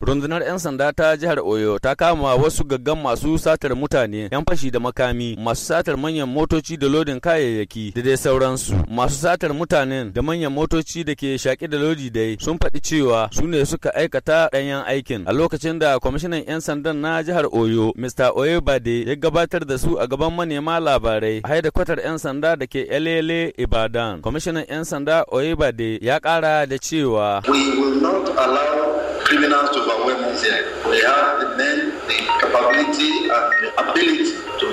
Rundunar 'yan sanda ta jihar Oyo ta kama wasu gaggan masu satar mutane, 'yan fashi da makami, masu satar manyan motoci da lodin kayayyaki da dai sauransu. Masu satar mutanen da manyan motoci da ke shaƙi da lodi dai sun faɗi cewa su ne suka aikata ɗanyen aikin. A lokacin da kwamishinan 'yan sandan na jihar Oyo, Mr. Oyo Bade ya gabatar da su a gaban manema labarai a kwatar 'yan sanda da ke Elele Ibadan. Kwamishinan 'yan sanda Oyo Bade ya ƙara da cewa. We will not allow criminals to overwhelm us here. They have the men, the capability, and the ability to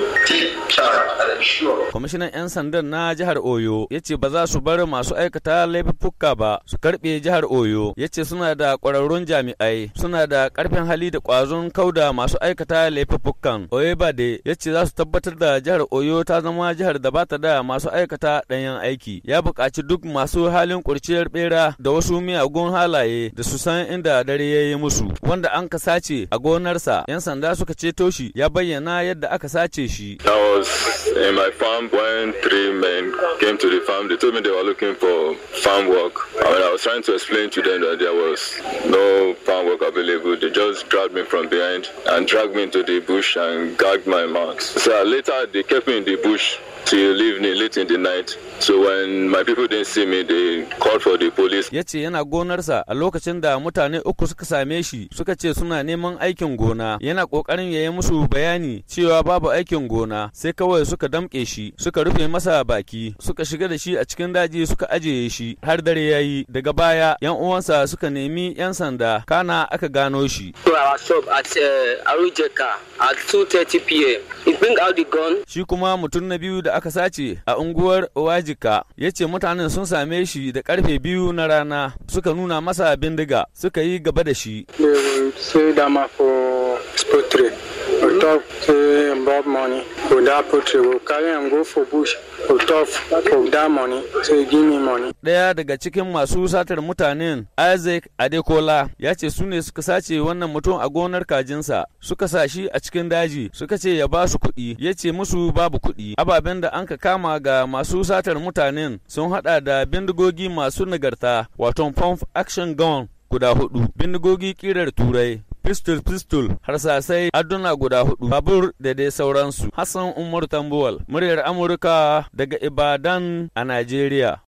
Kwamishinan 'yan sandan na jihar Oyo ya ce ba za su bar masu aikata laifuffuka ba su karɓe jihar Oyo ya ce suna da ƙwararrun jami'ai suna da ƙarfin hali da ƙwazon kauda masu aikata laifuffukan. Bade ya ce za su tabbatar da jihar Oyo ta zama jihar da bata da masu aikata ɗanyen aiki. Ya buƙaci duk masu halin kurciyar bera da wasu miyagun halaye da su san inda dare ya yi musu. Wanda an ka sace a gonarsa 'yan sanda suka ceto shi ya bayyana yadda aka sace shi. my farm when three men came to the farm. They told me they were looking for farm work. I mean, I was trying to explain to them that there was no farm work available. They just grabbed me from behind and dragged me into the bush and gagged my mouth. So later they kept me in the bush till evening, late in the night. So when my people didn't see me, they called for the police. Ya ce yana gonarsa a lokacin da mutane uku suka same shi suka ce suna neman aikin gona. Yana kokarin ya yi musu bayani cewa babu aikin gona sai kawai suka damke shi suka rufe masa baki suka shiga da shi a cikin daji suka ajiye shi har dare ya yi daga baya yan uwansa suka nemi yan sanda kana aka gano shi. at 2:30 pm. He bring out the gun. Shi kuma mutum na biyu da aka sace a unguwar Wajika ya ce mutanen sun same shi da karfe biyu na rana suka nuna masa bindiga suka yi gaba da shi. They will say for we talk say about money for that poultry we carry and go for bush we talk for that money say give me money daya daga cikin masu satar mutanen Isaac Adekola ya ce su ne suka sace wannan mutum a gonar kajinsa suka sashi a cikin daji suka ce ya ba su kuɗi ya ce musu babu kuɗi ababen da an ka kama ga masu satar mutanen sun hada da bindigogi masu nagarta wato pump action gun guda hudu bindigogi kirar turai pistol pistol harsasai aduna guda hudu babur da dai sauransu hassan umar tambuwal muryar amurka daga ibadan a najeriya